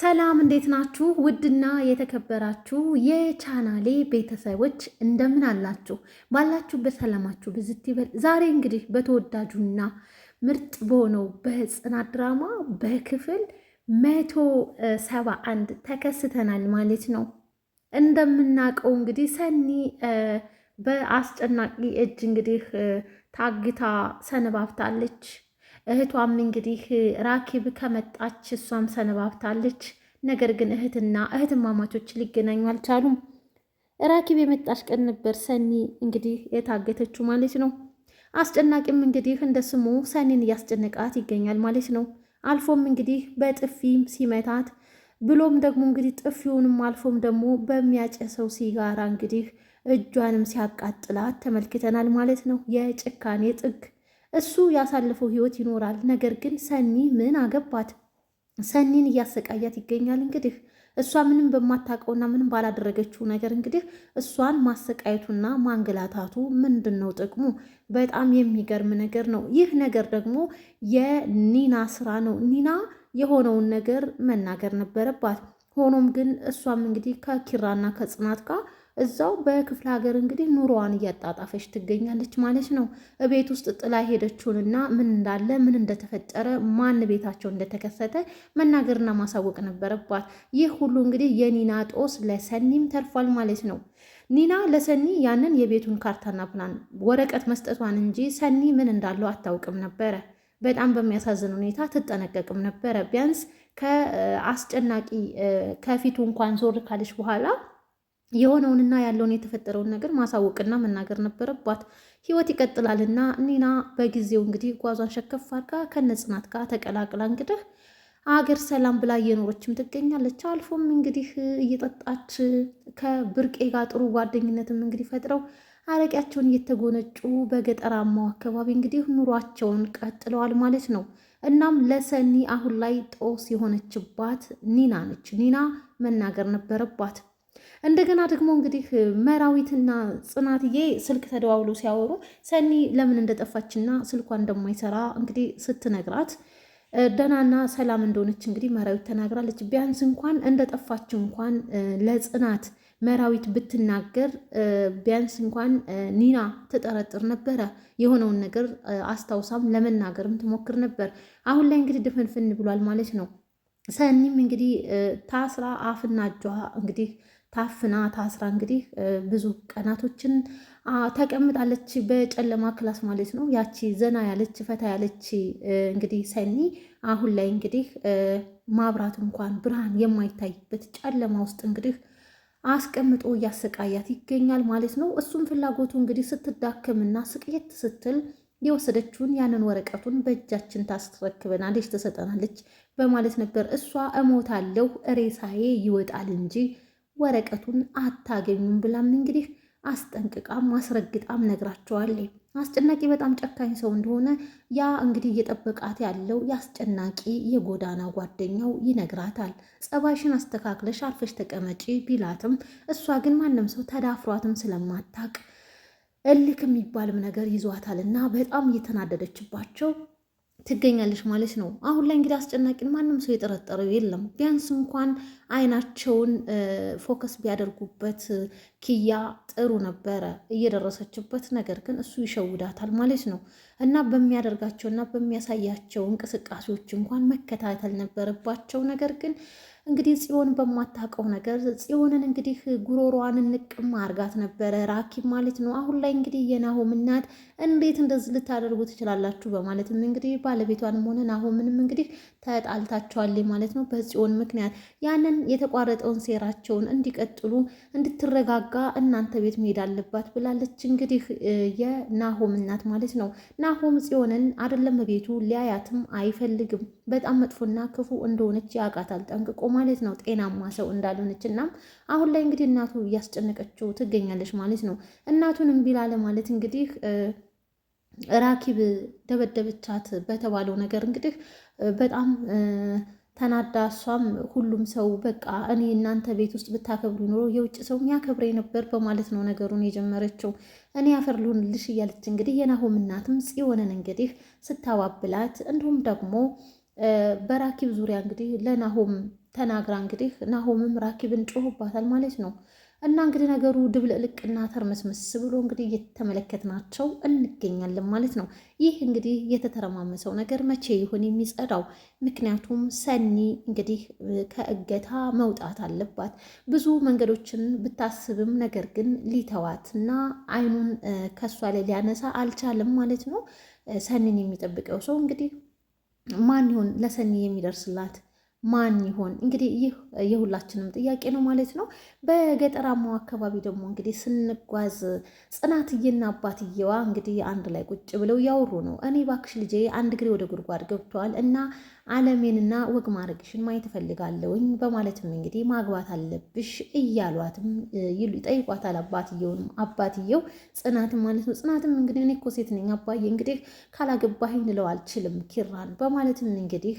ሰላም እንዴት ናችሁ? ውድና የተከበራችሁ የቻናሌ ቤተሰቦች እንደምን አላችሁ? ባላችሁበት ሰላማችሁ ብዝት ይበል። ዛሬ እንግዲህ በተወዳጁና ምርጥ በሆነው በጽናት ድራማ በክፍል መቶ ሰባ አንድ ተከስተናል ማለት ነው። እንደምናውቀው እንግዲህ ሰኒ በአስጨናቂ እጅ እንግዲህ ታግታ ሰነባብታለች። እህቷም እንግዲህ ራኪብ ከመጣች እሷም ሰነባብታለች። ነገር ግን እህትና እህትማማቾች ሊገናኙ አልቻሉም። ራኪብ የመጣች ቀን ነበር ሰኒ እንግዲህ የታገተችው ማለት ነው። አስጨናቂም እንግዲህ እንደ ስሙ ሰኒን እያስጨነቃት ይገኛል ማለት ነው። አልፎም እንግዲህ በጥፊም ሲመታት ብሎም ደግሞ እንግዲህ ጥፊውንም አልፎም ደግሞ በሚያጨሰው ሲጋራ እንግዲህ እጇንም ሲያቃጥላት ተመልክተናል ማለት ነው። የጭካኔ ጥግ እሱ ያሳለፈው ህይወት ይኖራል። ነገር ግን ሰኒ ምን አገባት? ሰኒን እያሰቃያት ይገኛል። እንግዲህ እሷ ምንም በማታውቀውና ምንም ባላደረገችው ነገር እንግዲህ እሷን ማሰቃየቱና ማንገላታቱ ምንድን ነው ጥቅሙ? በጣም የሚገርም ነገር ነው። ይህ ነገር ደግሞ የኒና ስራ ነው። ኒና የሆነውን ነገር መናገር ነበረባት። ሆኖም ግን እሷም እንግዲህ ከኪራና ከጽናት ጋር እዛው በክፍለ ሀገር እንግዲህ ኑሮዋን እያጣጣፈች ትገኛለች ማለት ነው። ቤት ውስጥ ጥላ ሄደችውንና ምን እንዳለ ምን እንደተፈጠረ ማን ቤታቸው እንደተከሰተ መናገርና ማሳወቅ ነበረባት። ይህ ሁሉ እንግዲህ የኒና ጦስ ለሰኒም ተርፏል ማለት ነው። ኒና ለሰኒ ያንን የቤቱን ካርታና ፕላን ወረቀት መስጠቷን እንጂ ሰኒ ምን እንዳለው አታውቅም ነበረ። በጣም በሚያሳዝን ሁኔታ ትጠነቀቅም ነበረ። ቢያንስ ከአስጨናቂ ከፊቱ እንኳን ዞር ካለች በኋላ የሆነውንና ያለውን የተፈጠረውን ነገር ማሳወቅና መናገር ነበረባት። ህይወት ይቀጥላልና ኒና በጊዜው እንግዲህ ጓዟን ሸከፍ አድርጋ ከነጽናት ጋር ተቀላቅላ እንግዲህ አገር ሰላም ብላ እየኖረችም ትገኛለች። አልፎም እንግዲህ እየጠጣች ከብርቄ ጋር ጥሩ ጓደኝነትም እንግዲህ ፈጥረው አረቂያቸውን እየተጎነጩ በገጠራማው አካባቢ እንግዲህ ኑሯቸውን ቀጥለዋል ማለት ነው። እናም ለሰኒ አሁን ላይ ጦስ የሆነችባት ኒና ነች። ኒና መናገር ነበረባት። እንደገና ደግሞ እንግዲህ መራዊትና ጽናትዬ ስልክ ተደዋውሎ ሲያወሩ ሰኒ ለምን እንደጠፋችና ስልኳ እንደማይሰራ እንግዲህ ስትነግራት ደናና ሰላም እንደሆነች እንግዲህ መራዊት ተናግራለች። ቢያንስ እንኳን እንደጠፋች እንኳን ለጽናት መራዊት ብትናገር ቢያንስ እንኳን ኒና ትጠረጥር ነበረ። የሆነውን ነገር አስታውሳም ለመናገርም ትሞክር ነበር። አሁን ላይ እንግዲህ ድፍንፍን ብሏል ማለት ነው። ሰኒም እንግዲህ ታስራ አፍና እጇ እንግዲህ ታፍና ታስራ እንግዲህ ብዙ ቀናቶችን ተቀምጣለች፣ በጨለማ ክላስ ማለት ነው። ያቺ ዘና ያለች ፈታ ያለች እንግዲህ ሰኒ አሁን ላይ እንግዲህ ማብራት እንኳን ብርሃን የማይታይበት ጨለማ ውስጥ እንግዲህ አስቀምጦ እያሰቃያት ይገኛል ማለት ነው። እሱም ፍላጎቱ እንግዲህ ስትዳክምና ስቅየት ስትል የወሰደችውን ያንን ወረቀቱን በእጃችን ታስረክበናለች፣ ትሰጠናለች በማለት ነበር እሷ እሞታለሁ ሬሳዬ ይወጣል እንጂ ወረቀቱን አታገኙም ብላም እንግዲህ አስጠንቅቃም አስረግጣም ነግራቸዋለች። አስጨናቂ በጣም ጨካኝ ሰው እንደሆነ ያ እንግዲህ እየጠበቃት ያለው የአስጨናቂ የጎዳና ጓደኛው ይነግራታል። ጸባይሽን አስተካክለሽ አርፈሽ ተቀመጪ ቢላትም እሷ ግን ማንም ሰው ተዳፍሯትም ስለማታቅ እልክ የሚባልም ነገር እና በጣም እየተናደደችባቸው ትገኛለች ማለት ነው። አሁን ላይ እንግዲህ አስጨናቂን ማንም ሰው የጠረጠረው የለም። ቢያንስ እንኳን አይናቸውን ፎከስ ቢያደርጉበት ኪያ ጥሩ ነበረ እየደረሰችበት፣ ነገር ግን እሱ ይሸውዳታል ማለት ነው እና በሚያደርጋቸው እና በሚያሳያቸው እንቅስቃሴዎች እንኳን መከታተል ነበረባቸው ነገር ግን እንግዲህ ጽዮን በማታውቀው ነገር ጽዮንን እንግዲህ ጉሮሯን ንቅም አርጋት ነበረ ራኪብ ማለት ነው። አሁን ላይ እንግዲህ የናሆም እናት እንዴት እንደዚህ ልታደርጉ ትችላላችሁ በማለትም እንግዲህ ባለቤቷንም ሆነ ናሆምንም እንግዲህ ተጣልታቸዋል ማለት ነው በጽዮን ምክንያት። ያንን የተቋረጠውን ሴራቸውን እንዲቀጥሉ እንድትረጋጋ እናንተ ቤት መሄድ አለባት ብላለች እንግዲህ የናሆም እናት ማለት ነው። ናሆም ጽዮንን አይደለም ቤቱ ሊያያትም አይፈልግም። በጣም መጥፎና ክፉ እንደሆነች ያውቃታል ጠንቅቆ ማለት ነው ጤናማ ሰው እንዳልሆነች። እናም አሁን ላይ እንግዲህ እናቱ እያስጨነቀችው ትገኛለች ማለት ነው። እናቱን እምቢ ማለት እንግዲህ ራኪብ ደበደበቻት በተባለው ነገር እንግዲህ በጣም ተናዳ እሷም ሁሉም ሰው በቃ እኔ እናንተ ቤት ውስጥ ብታከብሩ ኖሮ የውጭ ሰው የሚያከብረ ነበር በማለት ነው ነገሩን የጀመረችው። እኔ አፈር ልሆንልሽ እያለች እንግዲህ የናሆም እናትም ጽዮንን እንግዲህ ስታባብላት እንዲሁም ደግሞ በራኪብ ዙሪያ እንግዲህ ለናሆም ተናግራ እንግዲህ ናሆምም ራኪብን ጮሆባታል ማለት ነው። እና እንግዲህ ነገሩ ድብልቅና ተርመስመስ ብሎ እንግዲህ እየተመለከትናቸው እንገኛለን ማለት ነው። ይህ እንግዲህ የተተረማመሰው ነገር መቼ ይሆን የሚጸዳው? ምክንያቱም ሰኒ እንግዲህ ከእገታ መውጣት አለባት። ብዙ መንገዶችን ብታስብም ነገር ግን ሊተዋትና አይኑን ከእሷ ላይ ሊያነሳ አልቻለም ማለት ነው። ሰኒን የሚጠብቀው ሰው እንግዲህ ማን ይሆን? ለሰኒ የሚደርስላት ማን ይሆን እንግዲህ ይህ የሁላችንም ጥያቄ ነው ማለት ነው። በገጠራማው አካባቢ ደግሞ እንግዲህ ስንጓዝ ጽናትዬና አባትየዋ እንግዲህ አንድ ላይ ቁጭ ብለው ያወሩ ነው። እኔ ባክሽ ልጄ አንድ ግሬ ወደ ጉድጓድ ገብቷል እና አለሜንና ወግ ማድረግሽን ማየት እፈልጋለሁኝ በማለትም እንግዲህ ማግባት አለብሽ እያሏትም ይጠይቋታል። አባትየውንም አባትየው ጽናትም ማለት ነው። ጽናትም እንግዲህ እኔ እኮ ሴት ነኝ አባዬ እንግዲህ ካላገባኝ ልለው አልችልም ኪራን በማለትም እንግዲህ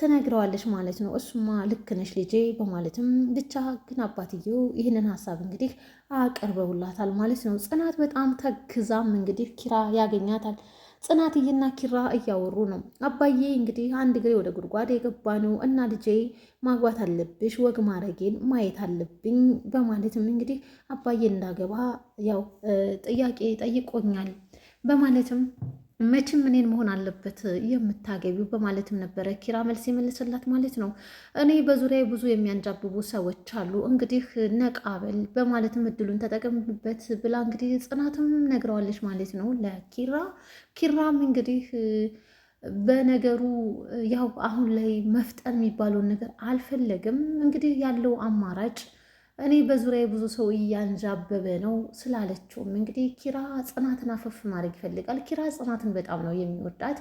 ትነግረዋለች ማለት ነው። እሱማ ልክ ነሽ ልጄ በማለትም ብቻ ግን አባትየው ይህንን ሀሳብ እንግዲህ አቅርበውላታል ማለት ነው። ጽናት በጣም ተግዛም እንግዲህ ኪራ ያገኛታል። ጽናትዬና ኪራ እያወሩ ነው። አባዬ እንግዲህ አንድ ግሬ ወደ ጉድጓድ የገባ ነው እና ልጄ ማግባት አለብሽ፣ ወግ ማረጌን ማየት አለብኝ በማለትም እንግዲህ አባዬ እንዳገባ ያው ጥያቄ ጠይቆኛል በማለትም መቼም እኔን መሆን አለበት የምታገቢው በማለትም ነበረ ኪራ መልስ የመለሰላት ማለት ነው። እኔ በዙሪያ ብዙ የሚያንጃብቡ ሰዎች አሉ፣ እንግዲህ ነቃበል በማለትም እድሉን ተጠቀምበት ብላ እንግዲህ ጽናትም ነግረዋለች ማለት ነው ለኪራ። ኪራም እንግዲህ በነገሩ ያው አሁን ላይ መፍጠን የሚባለውን ነገር አልፈለግም። እንግዲህ ያለው አማራጭ እኔ በዙሪያ ብዙ ሰው እያንዣበበ ነው ስላለችውም እንግዲህ ኪራ ጽናትን አፈፍ ማድረግ ይፈልጋል። ኪራ ጽናትን በጣም ነው የሚወዳት።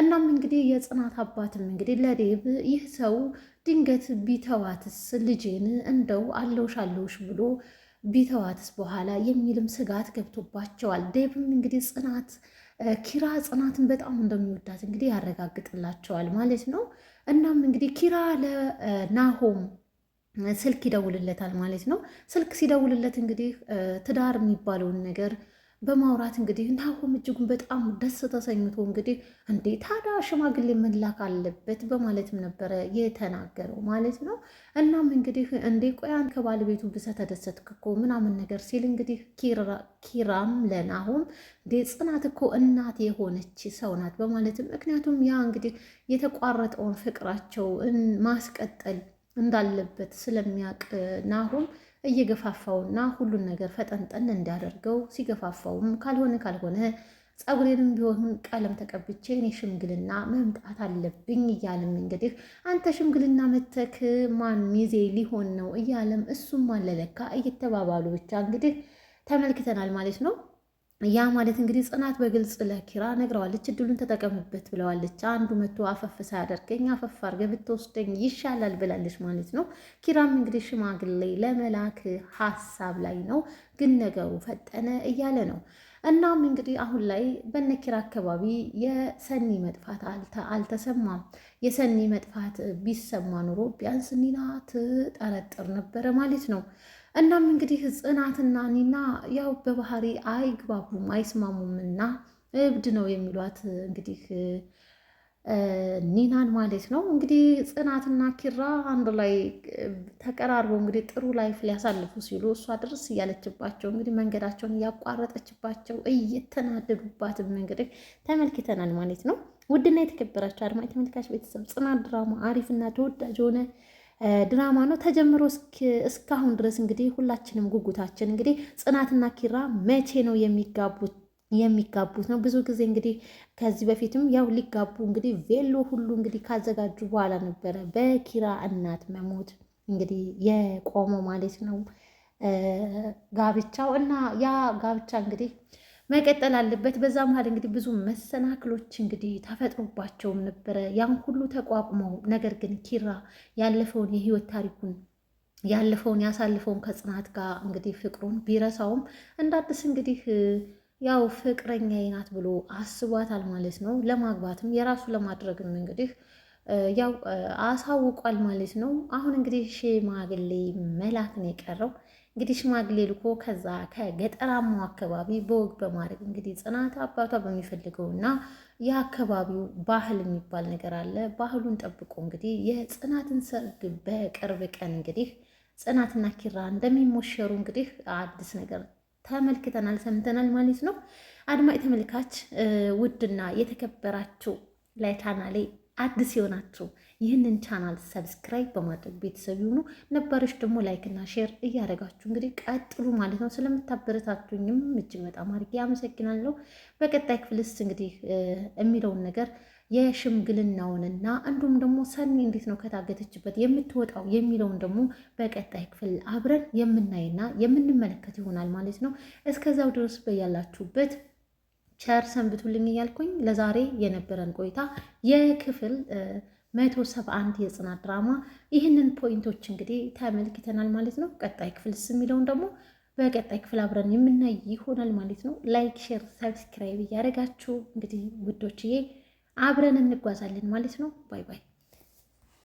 እናም እንግዲህ የጽናት አባትም እንግዲህ ለዴብ ይህ ሰው ድንገት ቢተዋትስ ልጄን እንደው አለውሽ አለውሽ ብሎ ቢተዋትስ በኋላ የሚልም ስጋት ገብቶባቸዋል። ዴብም እንግዲህ ጽናት ኪራ ጽናትን በጣም እንደሚወዳት እንግዲህ ያረጋግጥላቸዋል ማለት ነው። እናም እንግዲህ ኪራ ለናሆም ስልክ ይደውልለታል ማለት ነው። ስልክ ሲደውልለት እንግዲህ ትዳር የሚባለውን ነገር በማውራት እንግዲህ ናሆም እጅጉን በጣም ደስ ተሰኝቶ እንግዲህ እንዴ ታዲያ ሽማግሌ መላክ አለበት በማለትም ነበረ የተናገረው ማለት ነው። እናም እንግዲህ እንዴ ቆያን ከባለቤቱ ብሰ ተደሰትክ እኮ ምናምን ነገር ሲል እንግዲህ ኪራም ለናሆም እንዴ ጽናት እኮ እናት የሆነች ሰው ናት በማለትም ምክንያቱም ያ እንግዲህ የተቋረጠውን ፍቅራቸው ማስቀጠል እንዳለበት ስለሚያውቅ ናሁም እየገፋፋውና ሁሉን ነገር ፈጠንጠን እንዲያደርገው ሲገፋፋውም ካልሆነ ካልሆነ ጸጉሬንም ቢሆን ቀለም ተቀብቼ እኔ ሽምግልና መምጣት አለብኝ እያለም እንግዲህ አንተ ሽምግልና መተክ ማን ሚዜ ሊሆን ነው እያለም እሱም አለለካ እየተባባሉ ብቻ እንግዲህ ተመልክተናል ማለት ነው። ያ ማለት እንግዲህ ጽናት በግልጽ ለኪራ ነግረዋለች። እድሉን ተጠቀምበት ብለዋለች። አንዱ መቶ አፈፍ ሳያደርገኝ አፈፍ አድርገህ ብትወስደኝ ይሻላል ብላለች ማለት ነው። ኪራም እንግዲህ ሽማግሌ ለመላክ ሀሳብ ላይ ነው፣ ግን ነገሩ ፈጠነ እያለ ነው። እናም እንግዲህ አሁን ላይ በነኪራ አካባቢ የሰኒ መጥፋት አልተሰማም። የሰኒ መጥፋት ቢሰማ ኑሮ ቢያንስ ኒና ትጠረጥር ነበረ ማለት ነው። እናም እንግዲህ ጽናትና ኒና ያው በባህሪ አይግባቡም፣ አይስማሙም እና እብድ ነው የሚሏት እንግዲህ ኒናን ማለት ነው። እንግዲህ ጽናትና ኪራ አንድ ላይ ተቀራርበው እንግዲህ ጥሩ ላይፍ ሊያሳልፉ ሲሉ እሷ ድርስ እያለችባቸው እንግዲህ መንገዳቸውን እያቋረጠችባቸው እየተናደዱባትም እንግዲህ ተመልክተናል ማለት ነው። ውድና የተከበራቸው አድማጭ ተመልካች ቤተሰብ ጽናት ድራማ አሪፍና ተወዳጅ የሆነ ድራማ ነው ተጀምሮ እስካሁን ድረስ እንግዲህ ሁላችንም ጉጉታችን እንግዲህ ጽናትና ኪራ መቼ ነው የሚጋቡት የሚጋቡት ነው። ብዙ ጊዜ እንግዲህ ከዚህ በፊትም ያው ሊጋቡ እንግዲህ ቬሎ ሁሉ እንግዲህ ካዘጋጁ በኋላ ነበረ በኪራ እናት መሞት እንግዲህ የቆመው ማለት ነው ጋብቻው እና ያ ጋብቻ እንግዲህ መቀጠል አለበት። በዛ መሀል እንግዲህ ብዙ መሰናክሎች እንግዲህ ተፈጥሮባቸውም ነበረ ያን ሁሉ ተቋቁመው፣ ነገር ግን ኪራ ያለፈውን የህይወት ታሪኩን ያለፈውን ያሳልፈውን ከጽናት ጋር እንግዲህ ፍቅሩን ቢረሳውም እንደ አዲስ እንግዲህ ያው ፍቅረኛዬ ናት ብሎ አስቧታል ማለት ነው። ለማግባትም የራሱ ለማድረግም እንግዲህ ያው አሳውቋል ማለት ነው። አሁን እንግዲህ ሽማግሌ መላክ ነው የቀረው። እንግዲህ ሽማግሌ ልኮ ከዛ ከገጠራማው አካባቢ በወግ በማድረግ እንግዲህ ጽናት አባቷ በሚፈልገውና የአካባቢው ባህል የሚባል ነገር አለ። ባህሉን ጠብቆ እንግዲህ የጽናትን ሰርግ በቅርብ ቀን እንግዲህ ጽናትና ኪራ እንደሚሞሸሩ እንግዲህ አዲስ ነገር ተመልክተናል፣ ሰምተናል ማለት ነው። አድማጭ ተመልካች ውድና የተከበራችሁ ላይ አዲስ የሆናችሁ ይህንን ቻናል ሰብስክራይብ በማድረግ ቤተሰብ የሆኑ ነባሮች ደግሞ ላይክ እና ሼር እያደረጋችሁ እንግዲህ ቀጥሉ ማለት ነው። ስለምታበረታቱኝም እጅግ በጣም አድርጌ አመሰግናለሁ። በቀጣይ ክፍልስ እንግዲህ የሚለውን ነገር የሽምግልናውንና እንዲሁም ደግሞ ሰኒ እንዴት ነው ከታገተችበት የምትወጣው የሚለውን ደግሞ በቀጣይ ክፍል አብረን የምናይና የምንመለከት ይሆናል ማለት ነው። እስከዛው ድረስ በያላችሁበት ቸር ሰንብቱልኝ እያልኩኝ ለዛሬ የነበረን ቆይታ የክፍል መቶ ሰባ አንድ የጽናት ድራማ ይህንን ፖይንቶች እንግዲህ ተመልክተናል ማለት ነው። ቀጣይ ክፍልስ የሚለውን ደግሞ በቀጣይ ክፍል አብረን የምናይ ይሆናል ማለት ነው። ላይክ፣ ሼር፣ ሰብስክራይብ እያደረጋችሁ እንግዲህ ውዶችዬ አብረን እንጓዛለን ማለት ነው። ባይ ባይ።